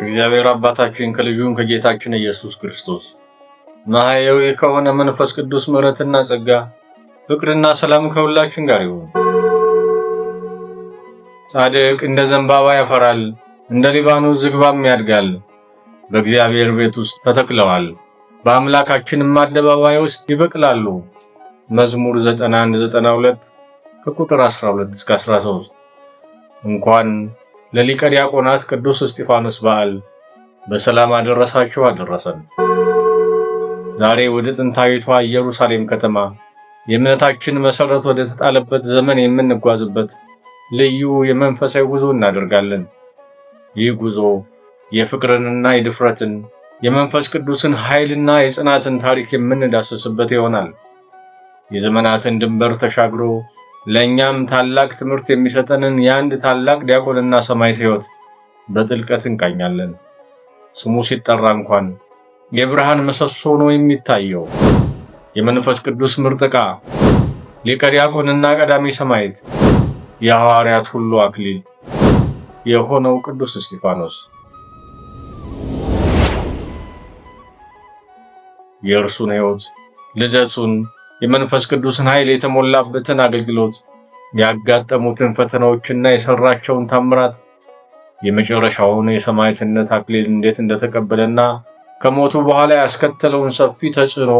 እግዚአብሔር አባታችን ከልጁም ከጌታችን ኢየሱስ ክርስቶስ መሐየዊ ከሆነ መንፈስ ቅዱስ ምሕረትና ጸጋ ፍቅርና ሰላም ከሁላችን ጋር ይሁን። ጻድቅ እንደ ዘንባባ ያፈራል፣ እንደ ሊባኖስ ዝግባም ያድጋል። በእግዚአብሔር ቤት ውስጥ ተተክለዋል፣ በአምላካችንም አደባባይ ውስጥ ይበቅላሉ። መዝሙር 9192 ከቁጥር 12 እስከ 13። እንኳን ለሊቀ ዲያቆናት ቅዱስ እስጢፋኖስ በዓል በሰላም አደረሳችሁ አደረሰን። ዛሬ ወደ ጥንታዊቷ ኢየሩሳሌም ከተማ የእምነታችን መሠረት ወደ ተጣለበት ዘመን የምንጓዝበት ልዩ የመንፈሳዊ ጉዞ እናደርጋለን። ይህ ጉዞ የፍቅርንና የድፍረትን የመንፈስ ቅዱስን ኃይልና የጽናትን ታሪክ የምንዳሰስበት ይሆናል። የዘመናትን ድንበር ተሻግሮ ለእኛም ታላቅ ትምህርት የሚሰጠንን የአንድ ታላቅ ዲያቆንና ሰማዕት ሕይወት በጥልቀት እንቃኛለን። ስሙ ሲጠራ እንኳን የብርሃን ምሰሶ ነው የሚታየው። የመንፈስ ቅዱስ ምርጥ ዕቃ፣ ሊቀ ዲያቆንና ቀዳሚ ሰማዕት፣ የሐዋርያት ሁሉ አክሊል የሆነው ቅዱስ እስጢፋኖስ የእርሱን ሕይወት፣ ልደቱን፣ የመንፈስ ቅዱስን ኃይል የተሞላበትን አገልግሎት፣ ያጋጠሙትን ፈተናዎችና የሠራቸውን ታምራት፣ የመጨረሻውን የሰማዕትነት አክሊል እንዴት እንደተቀበለና ከሞቱ በኋላ ያስከተለውን ሰፊ ተጽዕኖ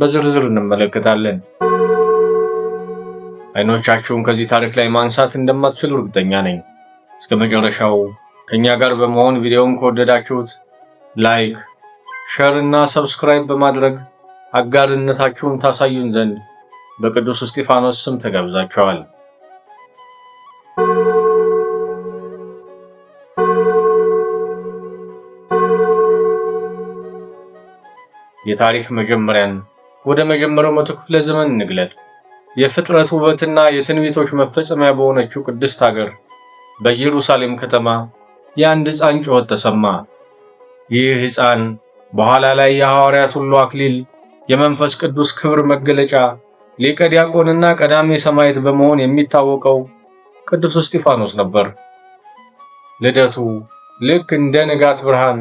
በዝርዝር እንመለከታለን። አይኖቻችሁን ከዚህ ታሪክ ላይ ማንሳት እንደማትችሉ እርግጠኛ ነኝ። እስከ መጨረሻው ከእኛ ጋር በመሆን ቪዲዮውን ከወደዳችሁት ላይክ ሸር እና ሰብስክራይብ በማድረግ አጋርነታችሁን ታሳዩን ዘንድ በቅዱስ እስጢፋኖስ ስም ተጋብዛችኋል። የታሪክ መጀመሪያን ወደ መጀመሪያው መቶ ክፍለ ዘመን እንግለጥ። የፍጥረት ውበትና የትንቢቶች መፈጸሚያ በሆነችው ቅድስት አገር በኢየሩሳሌም ከተማ የአንድ ሕፃን ጩኸት ተሰማ። ይህ ሕፃን በኋላ ላይ የሐዋርያት ሁሉ አክሊል የመንፈስ ቅዱስ ክብር መገለጫ ሊቀ ዲያቆንና ቀዳሜ ሰማዕት በመሆን የሚታወቀው ቅዱስ እስጢፋኖስ ነበር። ልደቱ ልክ እንደ ንጋት ብርሃን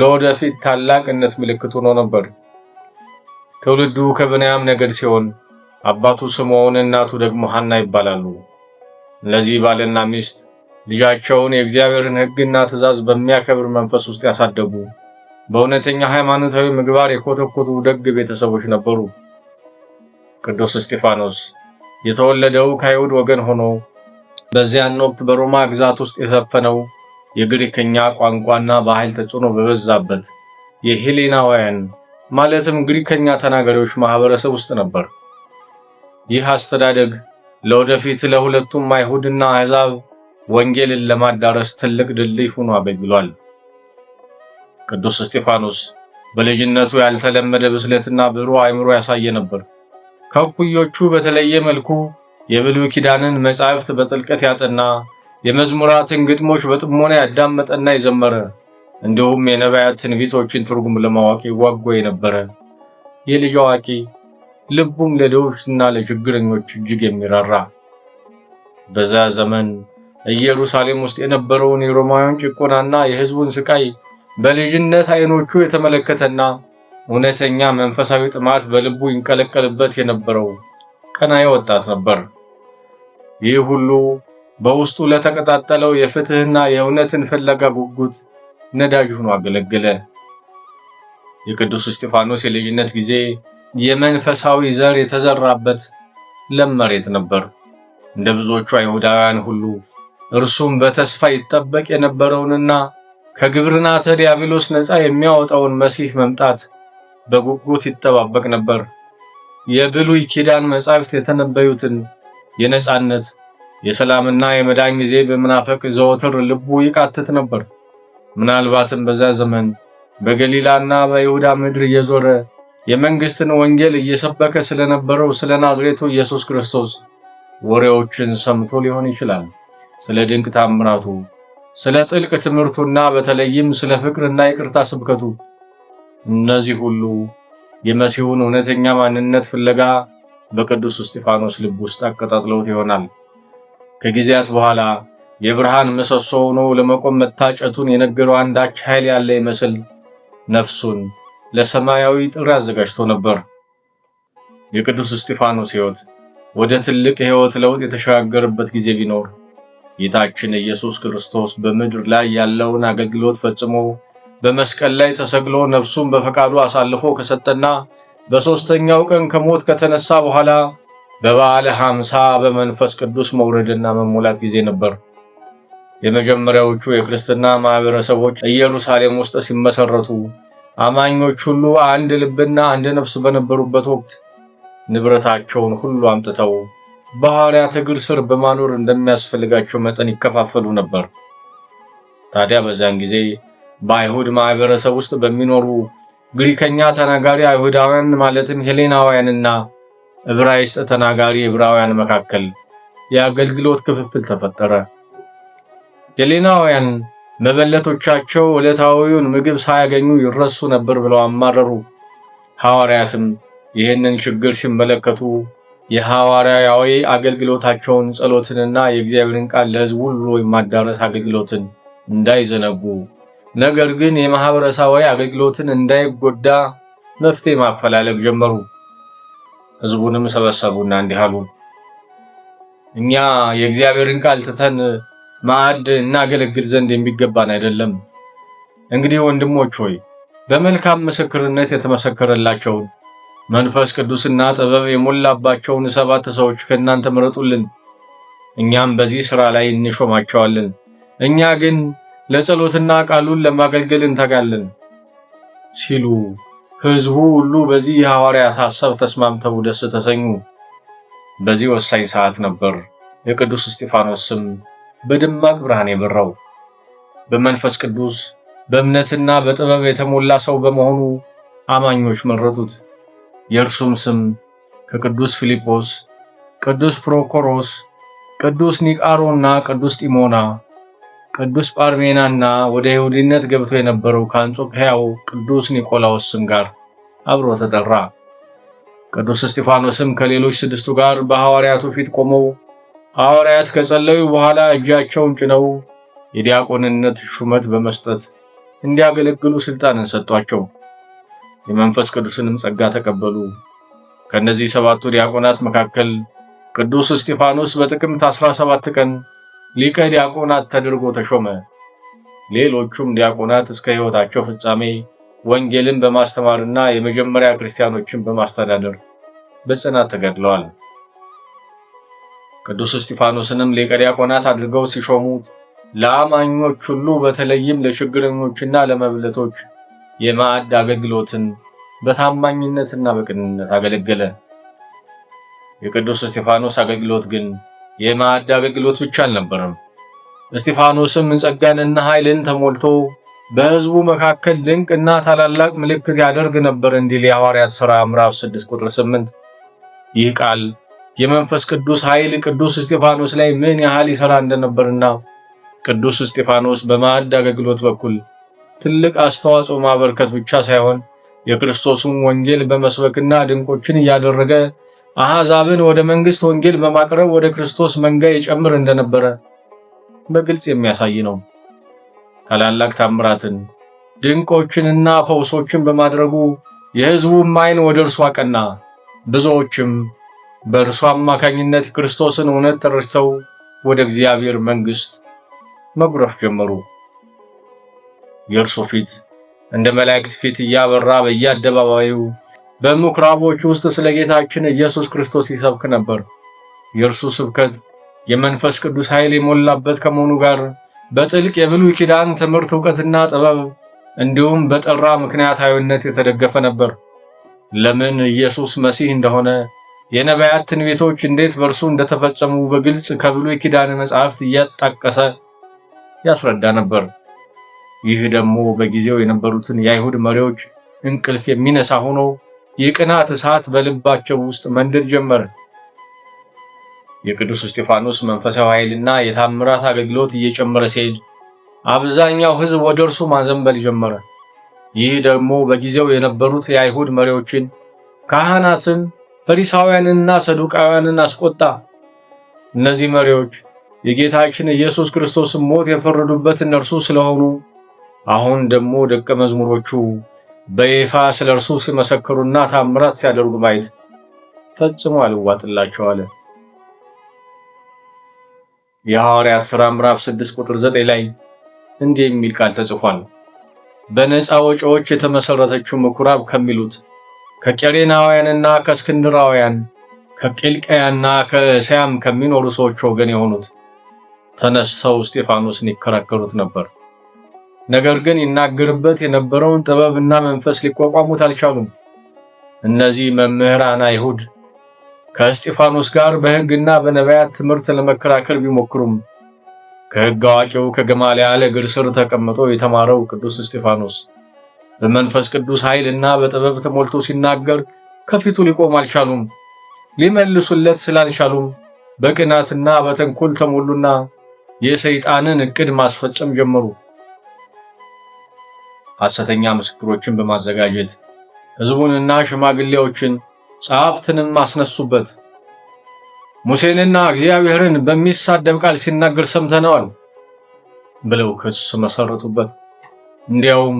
ለወደፊት ታላቅነት ምልክት ሆኖ ነበር። ትውልዱ ከብንያም ነገድ ሲሆን አባቱ ስምዖን እናቱ ደግሞ ሐና ይባላሉ። እነዚህ ባልና ሚስት ልጃቸውን የእግዚአብሔርን ሕግና ትእዛዝ በሚያከብር መንፈስ ውስጥ ያሳደጉ በእውነተኛ ሃይማኖታዊ ምግባር የኮተኮቱ ደግ ቤተሰቦች ነበሩ። ቅዱስ እስጢፋኖስ የተወለደው ከአይሁድ ወገን ሆኖ በዚያን ወቅት በሮማ ግዛት ውስጥ የሰፈነው የግሪክኛ ቋንቋና ባህል ተጽዕኖ በበዛበት የሄሌናውያን ማለትም ግሪከኛ ተናጋሪዎች ማህበረሰብ ውስጥ ነበር። ይህ አስተዳደግ ለወደፊት ለሁለቱም አይሁድና አሕዛብ ወንጌልን ለማዳረስ ትልቅ ድልድይ ሆኖ አገልግሏል። ቅዱስ እስጢፋኖስ በልጅነቱ ያልተለመደ ብስለትና ብሩህ አእምሮ ያሳየ ነበር። ከእኩዮቹ በተለየ መልኩ የብሉይ ኪዳንን መጻሕፍት በጥልቀት ያጠና፣ የመዝሙራትን ግጥሞች በጥሞና ያዳመጠና የዘመረ እንዲሁም የነቢያት ትንቢቶችን ትርጉም ለማወቅ ይጓጓ የነበረ ይህ አዋቂ ልቡም ለድሆችና ለችግረኞች እጅግ የሚራራ በዛ ዘመን ኢየሩሳሌም ውስጥ የነበረውን የሮማውያን ጭቆናና የሕዝቡን ስቃይ በልጅነት አይኖቹ የተመለከተና እውነተኛ መንፈሳዊ ጥማት በልቡ ይንቀለቀልበት የነበረው ቀናኢ ወጣት ነበር። ይህ ሁሉ በውስጡ ለተቀጣጠለው የፍትህና የእውነትን ፍለጋ ጉጉት ነዳጅ ሆኖ አገለገለ። የቅዱስ እስጢፋኖስ የልጅነት ጊዜ የመንፈሳዊ ዘር የተዘራበት ለም መሬት ነበር። እንደ ብዙዎቹ አይሁዳውያን ሁሉ እርሱም በተስፋ ይጠበቅ የነበረውንና ከግብርናተ ዲያብሎስ ነፃ የሚያወጣውን መሲህ መምጣት በጉጉት ይጠባበቅ ነበር። የብሉይ ኪዳን መጻሕፍት የተነበዩትን የነፃነት የሰላምና የመዳን ጊዜ በመናፈቅ ዘወትር ልቡ ይቃትት ነበር። ምናልባትም በዛ ዘመን በገሊላና በይሁዳ ምድር እየዞረ የመንግሥትን ወንጌል እየሰበከ ስለነበረው ስለ ናዝሬቱ ኢየሱስ ክርስቶስ ወሬዎችን ሰምቶ ሊሆን ይችላል። ስለ ድንቅ ታምራቱ ስለ ጥልቅ ትምህርቱና በተለይም ስለ ፍቅርና ይቅርታ ስብከቱ። እነዚህ ሁሉ የመሲሁን እውነተኛ ማንነት ፍለጋ በቅዱስ እስጢፋኖስ ልብ ውስጥ አቀጣጥለውት ይሆናል። ከጊዜያት በኋላ የብርሃን ምሰሶ ሆኖ ለመቆም መታጨቱን የነገረው አንዳች ኃይል ያለ ይመስል ነፍሱን ለሰማያዊ ጥሪ አዘጋጅቶ ነበር። የቅዱስ እስጢፋኖስ ሕይወት ወደ ትልቅ የሕይወት ለውጥ የተሸጋገረበት ጊዜ ቢኖር ጌታችን ኢየሱስ ክርስቶስ በምድር ላይ ያለውን አገልግሎት ፈጽሞ በመስቀል ላይ ተሰግሎ ነፍሱን በፈቃዱ አሳልፎ ከሰጠና በሦስተኛው ቀን ከሞት ከተነሳ በኋላ በበዓለ ሐምሳ በመንፈስ ቅዱስ መውረድና መሞላት ጊዜ ነበር። የመጀመሪያዎቹ የክርስትና ማኅበረሰቦች ኢየሩሳሌም ውስጥ ሲመሠረቱ አማኞች ሁሉ አንድ ልብና አንድ ነፍስ በነበሩበት ወቅት ንብረታቸውን ሁሉ አምጥተው በሐዋርያት እግር ስር በማኖር እንደሚያስፈልጋቸው መጠን ይከፋፈሉ ነበር። ታዲያ በዚያን ጊዜ በአይሁድ ማህበረሰብ ውስጥ በሚኖሩ ግሪከኛ ተናጋሪ አይሁዳውያን ማለትም ሄሌናውያንና ዕብራይስጥ ተናጋሪ ዕብራውያን መካከል የአገልግሎት ክፍፍል ተፈጠረ። ሄሌናውያን መበለቶቻቸው ዕለታዊውን ምግብ ሳያገኙ ይረሱ ነበር ብለው አማረሩ። ሐዋርያትም ይህንን ችግር ሲመለከቱ የሐዋርያዊ አገልግሎታቸውን ጸሎትንና የእግዚአብሔርን ቃል ለሕዝቡ ሁሉ የማዳረስ አገልግሎትን እንዳይዘነጉ ነገር ግን የማኅበረሰባዊ አገልግሎትን እንዳይጎዳ መፍትሄ ማፈላለግ ጀመሩ። ሕዝቡንም ሰበሰቡና እንዲህ አሉ። እኛ የእግዚአብሔርን ቃል ትተን ማዕድ እናገለግል ዘንድ የሚገባን አይደለም። እንግዲህ ወንድሞች ሆይ በመልካም ምስክርነት የተመሰከረላቸውን መንፈስ ቅዱስና ጥበብ የሞላባቸውን ሰባት ሰዎች ከእናንተ ምረጡልን፣ እኛም በዚህ ሥራ ላይ እንሾማቸዋለን። እኛ ግን ለጸሎትና ቃሉን ለማገልገል እንተጋለን ሲሉ ሕዝቡ ሁሉ በዚህ የሐዋርያት ሐሳብ ተስማምተው ደስ ተሰኙ። በዚህ ወሳኝ ሰዓት ነበር የቅዱስ እስጢፋኖስ ስም በደማቅ ብርሃን የበራው። በመንፈስ ቅዱስ በእምነትና በጥበብ የተሞላ ሰው በመሆኑ አማኞች መረጡት። የእርሱም ስም ከቅዱስ ፊልጶስ፣ ቅዱስ ፕሮኮሮስ፣ ቅዱስ ኒቃሮና ቅዱስ ጢሞና፣ ቅዱስ ጳርሜናና ወደ ይሁዲነት ገብቶ የነበረው ከአንጾኪያው ቅዱስ ኒቆላዎስ ስም ጋር አብሮ ተጠራ። ቅዱስ እስጢፋኖስም ከሌሎች ስድስቱ ጋር በሐዋርያቱ ፊት ቆመው ሐዋርያት ከጸለዩ በኋላ እጃቸውን ጭነው የዲያቆንነት ሹመት በመስጠት እንዲያገለግሉ ሥልጣንን ሰጧቸው። የመንፈስ ቅዱስንም ጸጋ ተቀበሉ። ከእነዚህ ሰባቱ ዲያቆናት መካከል ቅዱስ እስጢፋኖስ በጥቅምት 17 ቀን ሊቀ ዲያቆናት ተደርጎ ተሾመ። ሌሎቹም ዲያቆናት እስከ ሕይወታቸው ፍጻሜ ወንጌልን በማስተማርና የመጀመሪያ ክርስቲያኖችን በማስተዳደር በጽናት ተገድለዋል። ቅዱስ እስጢፋኖስንም ሊቀ ዲያቆናት አድርገው ሲሾሙት ለአማኞች ሁሉ በተለይም ለችግረኞችና ለመብለቶች የማዕድ አገልግሎትን በታማኝነትና በቅንነት አገለገለ። የቅዱስ እስጢፋኖስ አገልግሎት ግን የማዕድ አገልግሎት ብቻ አልነበረም። እስጢፋኖስም ጸጋንና ኃይልን ተሞልቶ በሕዝቡ መካከል ድንቅ እና ታላላቅ ምልክት ያደርግ ነበር እንዲል የሐዋርያት ሥራ ምዕራፍ 6 ቁጥር 8። ይህ ቃል የመንፈስ ቅዱስ ኃይል ቅዱስ እስጢፋኖስ ላይ ምን ያህል ይሠራ እንደነበርና ቅዱስ እስጢፋኖስ በማዕድ አገልግሎት በኩል ትልቅ አስተዋጽኦ ማበርከት ብቻ ሳይሆን የክርስቶስን ወንጌል በመስበክና ድንቆችን እያደረገ አሕዛብን ወደ መንግሥት ወንጌል በማቅረብ ወደ ክርስቶስ መንጋ ይጨምር እንደነበረ በግልጽ የሚያሳይ ነው። ታላላቅ ታምራትን ድንቆችንና ፈውሶችን በማድረጉ የሕዝቡም ዓይን ወደ እርሱ አቀና። ብዙዎችም በእርሱ አማካኝነት ክርስቶስን እውነት ተረድተው ወደ እግዚአብሔር መንግሥት መጉረፍ ጀመሩ። የእርሱ ፊት እንደ መላእክት ፊት እያበራ በየአደባባዩ በሙክራቦች ውስጥ ስለ ጌታችን ኢየሱስ ክርስቶስ ይሰብክ ነበር። የእርሱ ስብከት የመንፈስ ቅዱስ ኃይል የሞላበት ከመሆኑ ጋር በጥልቅ የብሉይ ኪዳን ትምህርት እውቀትና ጥበብ እንዲሁም በጠራ ምክንያታዊነት የተደገፈ ነበር። ለምን ኢየሱስ መሲህ እንደሆነ የነቢያት ትንቢቶች እንዴት በእርሱ እንደተፈጸሙ በግልጽ ከብሉይ ኪዳን መጻሕፍት እያጣቀሰ ያስረዳ ነበር። ይህ ደግሞ በጊዜው የነበሩትን የአይሁድ መሪዎች እንቅልፍ የሚነሳ ሆኖ የቅናት እሳት በልባቸው ውስጥ መንደድ ጀመረ። የቅዱስ እስጢፋኖስ መንፈሳዊ ኃይልና የታምራት አገልግሎት እየጨመረ ሲሄድ አብዛኛው ሕዝብ ወደ እርሱ ማዘንበል ጀመረ። ይህ ደግሞ በጊዜው የነበሩት የአይሁድ መሪዎችን፣ ካህናትን፣ ፈሪሳውያንንና ሰዱቃውያንን አስቆጣ። እነዚህ መሪዎች የጌታችን ኢየሱስ ክርስቶስን ሞት የፈረዱበት እነርሱ ስለሆኑ አሁን ደግሞ ደቀ መዝሙሮቹ በይፋ ስለ እርሱ ሲመሰክሩና ታምራት ሲያደርጉ ማየት ፈጽሞ አልዋጥላቸው አለ። የሐዋርያት ሥራ ምዕራፍ 6 ቁጥር 9 ላይ እንዲህ የሚል ቃል ተጽፏል። በነፃ ወጪዎች የተመሰረተችው ምኩራብ ከሚሉት ከቄሬናውያንና ከእስክንድራውያን ከቂልቅያና ከእስያም ከሚኖሩ ሰዎች ወገን የሆኑት ተነስተው እስጢፋኖስን ይከራከሩት ነበር። ነገር ግን ይናገርበት የነበረውን ጥበብና መንፈስ ሊቋቋሙት አልቻሉም። እነዚህ መምህራን አይሁድ ከእስጢፋኖስ ጋር በሕግና በነቢያት ትምህርት ለመከራከር ቢሞክሩም ከሕግ አዋቂው ከገማልያል እግር ስር ተቀምጦ የተማረው ቅዱስ እስጢፋኖስ በመንፈስ ቅዱስ ኃይልና በጥበብ ተሞልቶ ሲናገር ከፊቱ ሊቆም አልቻሉም። ሊመልሱለት ስላልቻሉም በቅናትና በተንኮል ተሞሉና የሰይጣንን እቅድ ማስፈጸም ጀመሩ። ሐሰተኛ ምስክሮችን በማዘጋጀት ሕዝቡንና ሽማግሌዎችን ጸሐፍትንም አስነሱበት። ሙሴንና እግዚአብሔርን በሚሳደብ ቃል ሲናገር ሰምተነዋል ብለው ክስ መሰረቱበት። እንዲያውም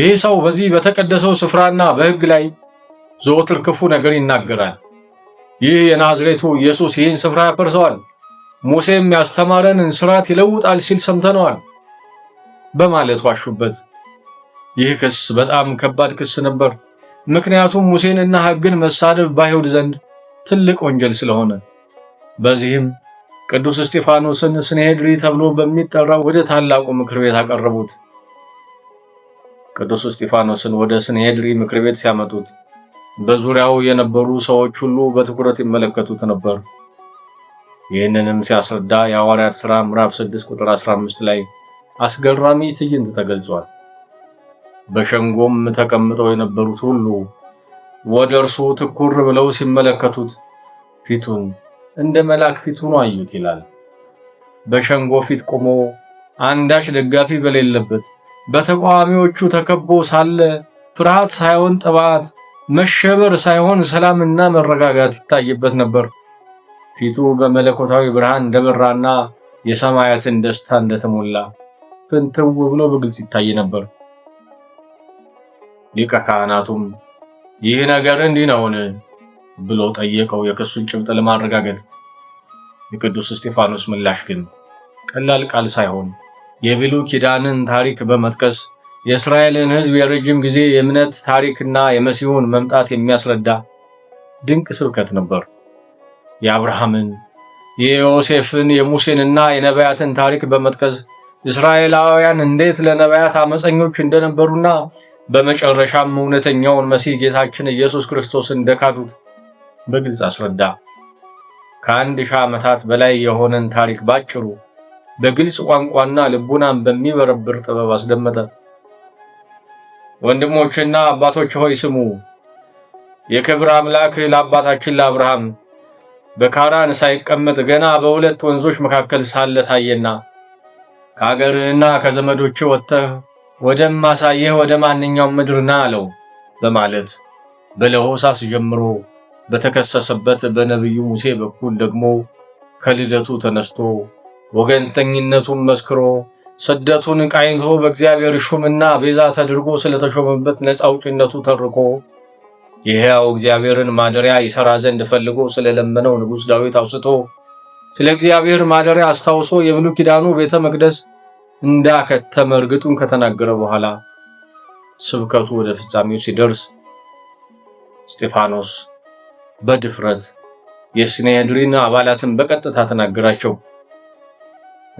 ይህ ሰው በዚህ በተቀደሰው ስፍራና በሕግ ላይ ዘወትር ክፉ ነገር ይናገራል። ይህ የናዝሬቱ ኢየሱስ ይህን ስፍራ ያፈርሰዋል፣ ሙሴም ያስተማረንን ሥርዓት ይለውጣል ሲል ሰምተነዋል በማለት ዋሹበት። ይህ ክስ በጣም ከባድ ክስ ነበር፣ ምክንያቱም ሙሴን እና ሕግን መሳደብ በአይሁድ ዘንድ ትልቅ ወንጀል ስለሆነ። በዚህም ቅዱስ እስጢፋኖስን ስንሄድሪ ተብሎ በሚጠራው ወደ ታላቁ ምክር ቤት አቀረቡት። ቅዱስ እስጢፋኖስን ወደ ስንሄድሪ ምክር ቤት ሲያመጡት በዙሪያው የነበሩ ሰዎች ሁሉ በትኩረት ይመለከቱት ነበር። ይህንንም ሲያስረዳ የሐዋርያት ሥራ ምዕራፍ 6 ቁጥር 15 ላይ አስገራሚ ትዕይንት ተገልጿል። በሸንጎም ተቀምጠው የነበሩት ሁሉ ወደ እርሱ ትኩር ብለው ሲመለከቱት ፊቱን እንደ መልአክ ፊት ሆኖ አዩት ይላል። በሸንጎ ፊት ቆሞ አንዳች ደጋፊ በሌለበት በተቃዋሚዎቹ ተከቦ ሳለ ፍርሃት ሳይሆን ጥባት፣ መሸበር ሳይሆን ሰላምና መረጋጋት ይታይበት ነበር። ፊቱ በመለኮታዊ ብርሃን እንደበራና የሰማያትን ደስታ እንደተሞላ ፍንትው ብሎ በግልጽ ይታይ ነበር። ሊቀ ካህናቱም ይህ ነገር እንዲህ ነውን ብሎ ጠየቀው፣ የክሱን ጭብጥ ለማረጋገጥ። የቅዱስ እስጢፋኖስ ምላሽ ግን ቀላል ቃል ሳይሆን የብሉይ ኪዳንን ታሪክ በመጥቀስ የእስራኤልን ሕዝብ የረጅም ጊዜ የእምነት ታሪክና የመሲሁን መምጣት የሚያስረዳ ድንቅ ስብከት ነበር። የአብርሃምን፣ የዮሴፍን፣ የሙሴንና የነቢያትን ታሪክ በመጥቀስ እስራኤላውያን እንዴት ለነቢያት አመፀኞች እንደነበሩና በመጨረሻም እውነተኛውን መሲህ ጌታችን ኢየሱስ ክርስቶስ እንደካዱት በግልጽ አስረዳ። ከአንድ ሺህ ዓመታት በላይ የሆነን ታሪክ ባጭሩ በግልጽ ቋንቋና ልቡናን በሚበረብር ጥበብ አስደመጠ። ወንድሞችና አባቶች ሆይ ስሙ! የክብር አምላክ ለአባታችን ለአብርሃም በካራን ሳይቀመጥ ገና በሁለት ወንዞች መካከል ሳለ ታየና ከአገርህና ከዘመዶች ወጥተህ ወደማሳየህ ወደ ማንኛውም ምድር አለው በማለት በለሆሳስ ጀምሮ በተከሰሰበት በነቢዩ ሙሴ በኩል ደግሞ ከልደቱ ተነስቶ ወገንተኝነቱን መስክሮ ስደቱን ቃኝቶ በእግዚአብሔር ሹምና ቤዛ ተደርጎ ስለተሾመበት ነፃ አውጪነቱ ተርኮ የሕያው እግዚአብሔርን ማደሪያ ይሠራ ዘንድ ፈልጎ ስለለመነው ንጉሥ ዳዊት አውስቶ ስለ እግዚአብሔር ማደሪያ አስታውሶ የብሉይ ኪዳኑ ቤተ መቅደስ እንዳከተመ እርግጡን ከተናገረ በኋላ ስብከቱ ወደ ፍጻሜው ሲደርስ እስጢፋኖስ በድፍረት የሲናድሪን አባላትን በቀጥታ ተናገራቸው።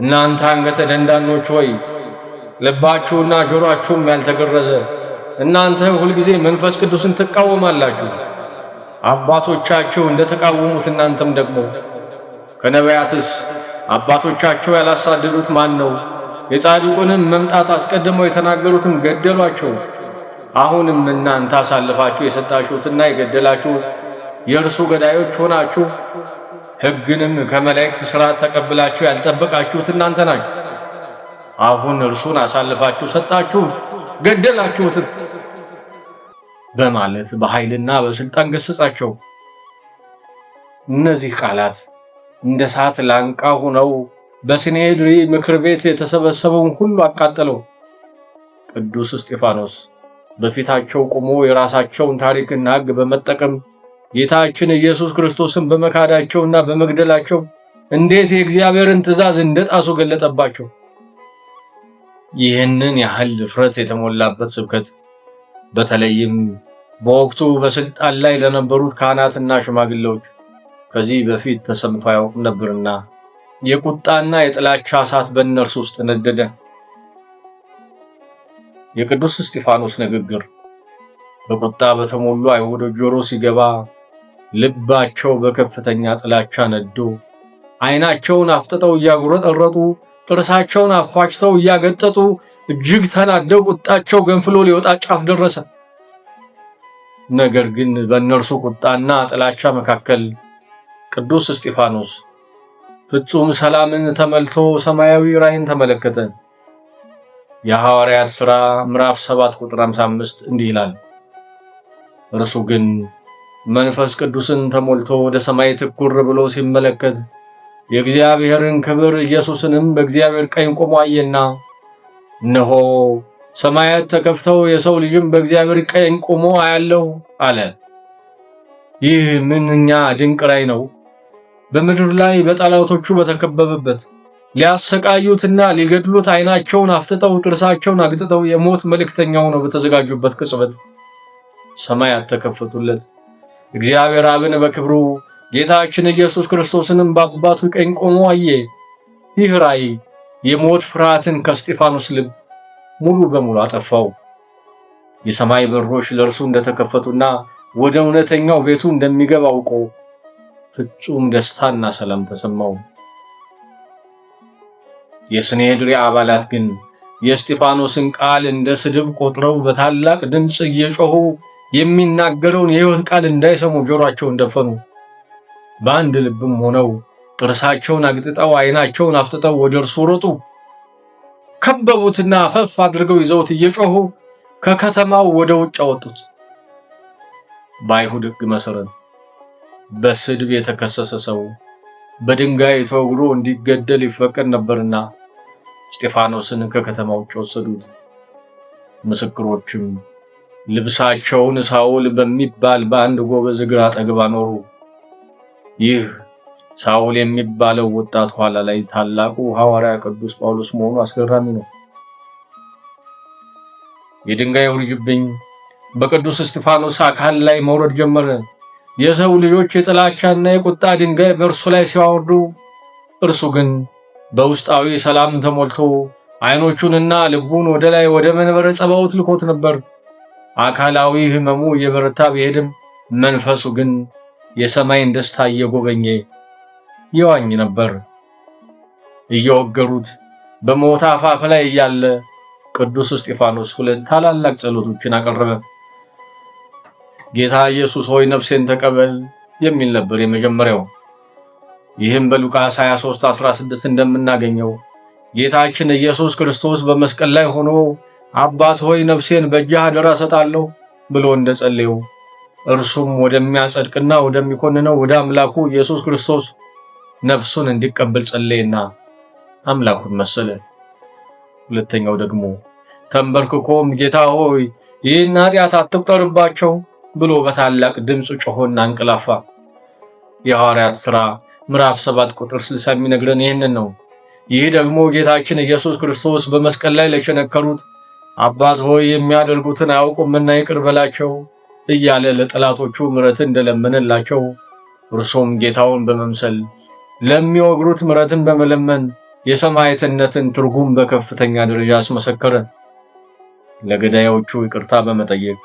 እናንተ አንገተ ደንዳኖች ሆይ ልባችሁና ጆሮአችሁም ያልተገረዘ እናንተ ሁልጊዜ መንፈስ ቅዱስን ትቃወማላችሁ። አባቶቻችሁ እንደተቃወሙት እናንተም ደግሞ ከነቢያትስ አባቶቻችሁ ያላሳደዱት ማን ነው? የጻድቁንም መምጣት አስቀድመው የተናገሩትን ገደሏቸው። አሁንም እናንተ አሳልፋችሁ የሰጣችሁትና የገደላችሁት የእርሱ ገዳዮች ሆናችሁ፣ ሕግንም ከመላእክት ሥርዓት ተቀብላችሁ ያልጠበቃችሁት እናንተ ናችሁ። አሁን እርሱን አሳልፋችሁ ሰጣችሁ፣ ገደላችሁት በማለት በኃይልና በስልጣን ገሰጻቸው። እነዚህ ቃላት እንደ ሰዓት ላንቃ ሆነው በሲኔድሪ ምክር ቤት የተሰበሰበውን ሁሉ አቃጠለው። ቅዱስ እስጢፋኖስ በፊታቸው ቆሞ የራሳቸውን ታሪክና ሕግ በመጠቀም ጌታችን ኢየሱስ ክርስቶስን በመካዳቸውና በመግደላቸው እንዴት የእግዚአብሔርን ትእዛዝ እንደጣሱ ገለጠባቸው። ይህንን ያህል ድፍረት የተሞላበት ስብከት በተለይም በወቅቱ በስልጣን ላይ ለነበሩት ካህናትና ሽማግሌዎች ከዚህ በፊት ተሰምቶ አያውቅም ነበርና የቁጣና የጥላቻ እሳት በእነርሱ ውስጥ ነደደ። የቅዱስ እስጢፋኖስ ንግግር በቁጣ በተሞሉ አይሁድ ጆሮ ሲገባ ልባቸው በከፍተኛ ጥላቻ ነዶ፣ ዓይናቸውን አፍጥጠው እያጉረጠረጡ፣ ጥርሳቸውን አፋጭተው እያገጠጡ፣ እጅግ ተናደው ቁጣቸው ገንፍሎ ሊወጣ ጫፍ ደረሰ። ነገር ግን በእነርሱ ቁጣና ጥላቻ መካከል ቅዱስ እስጢፋኖስ ፍጹም ሰላምን ተመልቶ ሰማያዊ ራእይን ተመለከተ። የሐዋርያት ሥራ ምዕራፍ 7 ቁጥር 55 እንዲህ ይላል፣ እርሱ ግን መንፈስ ቅዱስን ተሞልቶ ወደ ሰማይ ትኩር ብሎ ሲመለከት የእግዚአብሔርን ክብር ኢየሱስንም በእግዚአብሔር ቀኝ ቆሞ አየና፣ እነሆ ሰማያት ተከፍተው የሰው ልጅም በእግዚአብሔር ቀኝ ቆሞ አያለሁ አለ። ይህ ምንኛ ድንቅ ራእይ ነው! በምድር ላይ በጠላቶቹ በተከበበበት ሊያሰቃዩትና ሊገድሉት ዓይናቸውን አፍጥጠው ጥርሳቸውን አግጥጠው የሞት መልእክተኛው ነው በተዘጋጁበት ቅጽበት ሰማያት ተከፈቱለት። እግዚአብሔር አብን በክብሩ ጌታችን ኢየሱስ ክርስቶስንም በአባቱ ቀኝ ቆሞ አየ። ይህ ራእይ የሞት ፍርሃትን ከእስጢፋኖስ ልብ ሙሉ በሙሉ አጠፋው። የሰማይ በሮች ለእርሱ እንደተከፈቱና ወደ እውነተኛው ቤቱ እንደሚገባ አውቆ ፍጹም ደስታና ሰላም ተሰማው። የስኔድሪ አባላት ግን የእስጢፋኖስን ቃል እንደ ስድብ ቆጥረው በታላቅ ድምፅ እየጮሁ የሚናገረውን የሕይወት ቃል እንዳይሰሙ ጆሮአቸውን ደፈኑ። በአንድ ልብም ሆነው ጥርሳቸውን አግጥጠው ዓይናቸውን አፍጥጠው ወደ እርሱ ሮጡ። ከበቡትና ፈፍ አድርገው ይዘውት እየጮሁ ከከተማው ወደ ውጭ አወጡት። በአይሁድ ሕግ መሠረት በስድብ የተከሰሰ ሰው በድንጋይ ተወግሮ እንዲገደል ይፈቀድ ነበርና እስጢፋኖስን ከከተማ ውጭ ወሰዱት። ምስክሮችም ልብሳቸውን ሳውል በሚባል በአንድ ጎበዝ እግር አጠገብ አኖሩ። ይህ ሳውል የሚባለው ወጣት ኋላ ላይ ታላቁ ሐዋርያ ቅዱስ ጳውሎስ መሆኑ አስገራሚ ነው። የድንጋይ ውርጅብኝ በቅዱስ እስጢፋኖስ አካል ላይ መውረድ ጀመረ። የሰው ልጆች የጥላቻና የቁጣ ድንጋይ በእርሱ ላይ ሲያወርዱ፣ እርሱ ግን በውስጣዊ ሰላም ተሞልቶ ዓይኖቹንና ልቡን ወደ ላይ ወደ መንበረ ጸባዖት ልኮት ነበር። አካላዊ ሕመሙ እየበረታ ቢሄድም መንፈሱ ግን የሰማይን ደስታ እየጎበኘ ይዋኝ ነበር። እየወገሩት በሞት አፋፍ ላይ እያለ ቅዱስ እስጢፋኖስ ሁለት ታላላቅ ጸሎቶችን አቀረበ። ጌታ ኢየሱስ ሆይ ነፍሴን ተቀበል የሚል ነበር የመጀመሪያው። ይህም በሉቃስ 23 16 እንደምናገኘው ጌታችን ኢየሱስ ክርስቶስ በመስቀል ላይ ሆኖ አባት ሆይ ነፍሴን በእጅህ አደራ ሰጣለሁ ብሎ እንደጸለየው እርሱም ወደሚያጸድቅና ወደሚኮንነው ወደ አምላኩ ኢየሱስ ክርስቶስ ነፍሱን እንዲቀበል ጸለየና አምላኩን መሰለ። ሁለተኛው ደግሞ ተንበርክኮም ጌታ ሆይ ይህን ኃጢአት አትቁጠርባቸው ብሎ በታላቅ ድምፅ ጮሆና አንቀላፋ። የሐዋርያት ሥራ ምዕራፍ 7 ቁጥር 60 የሚነግረን ይህንን ነው። ይህ ደግሞ ጌታችን ኢየሱስ ክርስቶስ በመስቀል ላይ ለቸነከሩት አባት ሆይ የሚያደርጉትን አያውቁምና ይቅር በላቸው እያለ ለጠላቶቹ ምረት እንደለመነላቸው እርሱም ጌታውን በመምሰል ለሚወግሩት ምረትን በመለመን የሰማዕትነትን ትርጉም በከፍተኛ ደረጃ አስመሰከረ። ለገዳዮቹ ይቅርታ በመጠየቅ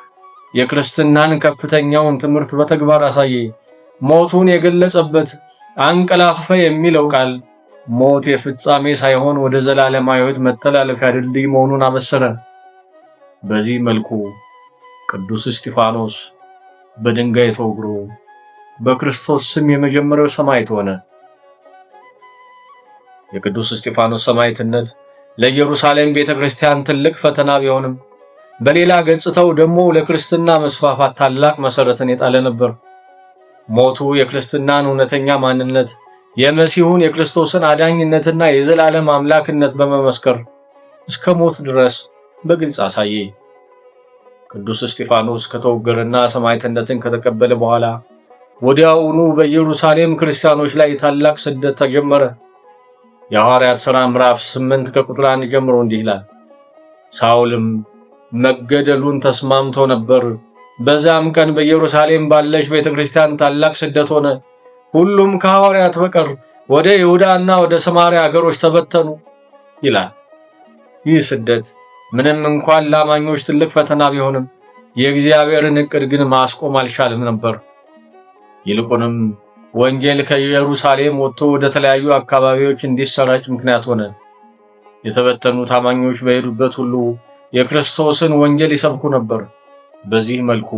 የክርስትናን ከፍተኛውን ትምህርት በተግባር አሳየ፣ ሞቱን የገለጸበት አንቀላፋ የሚለው ቃል ሞት የፍጻሜ ሳይሆን ወደ ዘላለማዊ ሕይወት መተላለፊያ ድልድይ መሆኑን አበሰረ። በዚህ መልኩ ቅዱስ እስጢፋኖስ በድንጋይ ተወግሮ በክርስቶስ ስም የመጀመሪያው ሰማዕት ሆነ። የቅዱስ እስጢፋኖስ ሰማዕትነት ለኢየሩሳሌም ቤተ ክርስቲያን ትልቅ ፈተና ቢሆንም በሌላ ገጽታው ደግሞ ለክርስትና መስፋፋት ታላቅ መሰረትን የጣለ ነበር። ሞቱ የክርስትናን እውነተኛ ማንነት የመሲሁን የክርስቶስን አዳኝነትና የዘላለም አምላክነት በመመስከር እስከ ሞት ድረስ በግልጽ አሳየ። ቅዱስ እስጢፋኖስ ከተወገረና ሰማዕትነትን ከተቀበለ በኋላ ወዲያውኑ በኢየሩሳሌም ክርስቲያኖች ላይ ታላቅ ስደት ተጀመረ። የሐዋርያት ሥራ ምዕራፍ 8 ከቁጥር 1 ጀምሮ እንዲህ ይላል። ሳውልም መገደሉን ተስማምቶ ነበር። በዛም ቀን በኢየሩሳሌም ባለች ቤተ ክርስቲያን ታላቅ ስደት ሆነ። ሁሉም ከሐዋርያት በቀር ወደ ይሁዳና ወደ ሰማርያ አገሮች ተበተኑ ይላል። ይህ ስደት ምንም እንኳን ለአማኞች ትልቅ ፈተና ቢሆንም የእግዚአብሔርን እቅድ ግን ማስቆም አልቻልም ነበር። ይልቁንም ወንጌል ከኢየሩሳሌም ወጥቶ ወደ ተለያዩ አካባቢዎች እንዲሰራጭ ምክንያት ሆነ። የተበተኑት አማኞች በሄዱበት ሁሉ የክርስቶስን ወንጌል ይሰብኩ ነበር። በዚህ መልኩ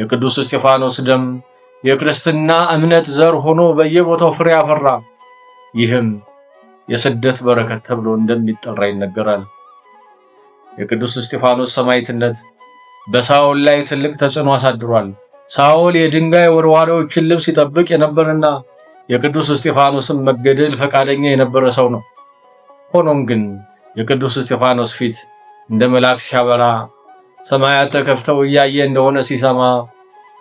የቅዱስ እስጢፋኖስ ደም የክርስትና እምነት ዘር ሆኖ በየቦታው ፍሬ አፈራ። ይህም የስደት በረከት ተብሎ እንደሚጠራ ይነገራል። የቅዱስ እስጢፋኖስ ሰማዕትነት በሳኦል ላይ ትልቅ ተጽዕኖ አሳድሯል። ሳኦል የድንጋይ ወርዋሪዎችን ልብስ ይጠብቅ የነበረና የቅዱስ እስጢፋኖስን መገደል ፈቃደኛ የነበረ ሰው ነው። ሆኖም ግን የቅዱስ እስጢፋኖስ ፊት እንደ መልአክ ሲያበራ ሰማያት ተከፍተው እያየ እንደሆነ ሲሰማ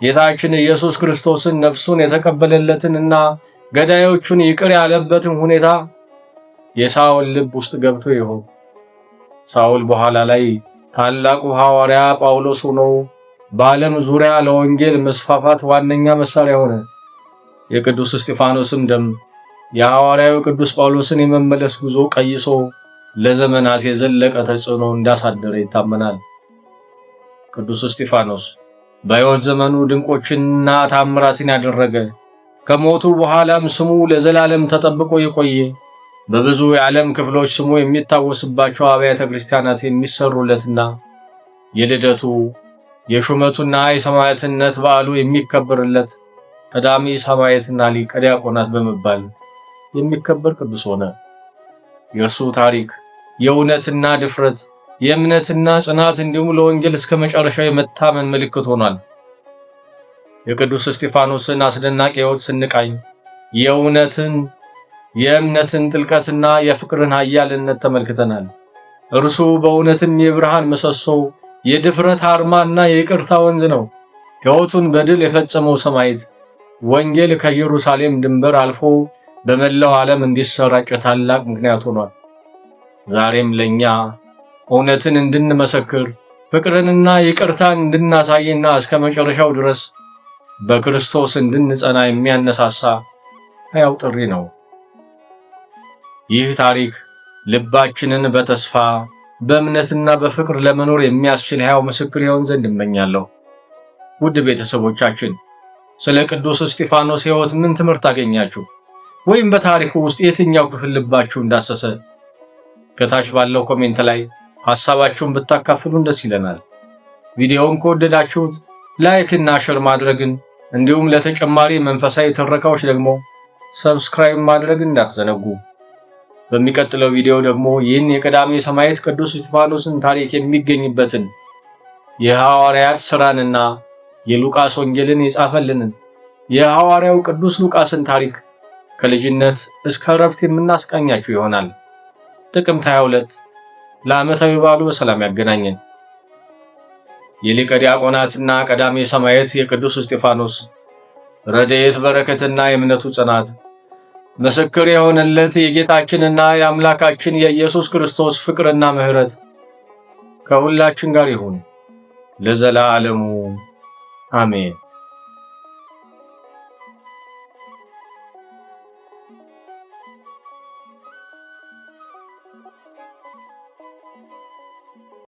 ጌታችን ኢየሱስ ክርስቶስን ነፍሱን የተቀበለለትንና ገዳዮቹን ይቅር ያለበትን ሁኔታ የሳውል ልብ ውስጥ ገብቶ ይሆን? ሳውል በኋላ ላይ ታላቁ ሐዋርያ ጳውሎስ ሆኖ በዓለም ዙሪያ ለወንጌል መስፋፋት ዋነኛ መሳሪያ ሆነ። የቅዱስ እስጢፋኖስም ደም የሐዋርያው ቅዱስ ጳውሎስን የመመለስ ጉዞ ቀይሶ ለዘመናት የዘለቀ ተጽዕኖ እንዳሳደረ ይታመናል። ቅዱስ እስጢፋኖስ በሕይወት ዘመኑ ድንቆችንና ታምራትን ያደረገ ከሞቱ በኋላም ስሙ ለዘላለም ተጠብቆ የቆየ በብዙ የዓለም ክፍሎች ስሙ የሚታወስባቸው አብያተ ክርስቲያናት የሚሰሩለትና የልደቱ የሹመቱና የሰማዕትነት በዓሉ የሚከበርለት ቀዳሚ ሰማዕትና ሊቀ ዲያቆናት በመባል የሚከበር ቅዱስ ሆነ። የእርሱ ታሪክ የእውነትና ድፍረት የእምነትና ጽናት እንዲሁም ለወንጌል እስከ መጨረሻው የመታመን ምልክት ሆኗል። የቅዱስ እስጢፋኖስን አስደናቂ ሕይወት ስንቃኝ የእውነትን የእምነትን ጥልቀትና የፍቅርን ኃያልነት ተመልክተናል። እርሱ በእውነትም የብርሃን ምሰሶ፣ የድፍረት አርማና የይቅርታ ወንዝ ነው። ሕይወቱን በድል የፈጸመው ሰማዕት ወንጌል ከኢየሩሳሌም ድንበር አልፎ በመላው ዓለም እንዲሰራጭ ታላቅ ምክንያት ሆኗል። ዛሬም ለእኛ እውነትን እንድንመሰክር ፍቅርንና ይቅርታን እንድናሳይና እስከ መጨረሻው ድረስ በክርስቶስ እንድንጸና የሚያነሳሳ ሕያው ጥሪ ነው። ይህ ታሪክ ልባችንን በተስፋ በእምነትና በፍቅር ለመኖር የሚያስችል ሕያው ምስክር ይሆን ዘንድ እመኛለሁ። ውድ ቤተሰቦቻችን ስለ ቅዱስ እስጢፋኖስ ሕይወት ምን ትምህርት አገኛችሁ? ወይም በታሪኩ ውስጥ የትኛው ክፍል ልባችሁ እንዳሰሰ ከታች ባለው ኮሜንት ላይ ሐሳባችሁን ብታካፍሉን ደስ ይለናል። ቪዲዮውን ከወደዳችሁት ላይክ እና ሼር ማድረግን እንዲሁም ለተጨማሪ መንፈሳዊ ትረካዎች ደግሞ ሰብስክራይብ ማድረግን እንዳትዘነጉ። በሚቀጥለው ቪዲዮ ደግሞ ይህን የቀዳሜ ሰማዕት ቅዱስ እስጢፋኖስን ታሪክ የሚገኝበትን የሐዋርያት ሥራንና የሉቃስ ወንጌልን የጻፈልንን የሐዋርያው ቅዱስ ሉቃስን ታሪክ ከልጅነት እስከ ዕረፍት የምናስቃኛችሁ ይሆናል። ጥቅምት 22 ለዓመታዊ በዓሉ በሰላም ያገናኘን። የሊቀ ዲያቆናትና ቀዳሜ ሰማዕት የቅዱስ እስጢፋኖስ ረድኤት በረከትና የእምነቱ ጽናት ምስክር የሆነለት የጌታችንና የአምላካችን የኢየሱስ ክርስቶስ ፍቅርና ምሕረት ከሁላችን ጋር ይሁን ለዘላለሙ አሜን።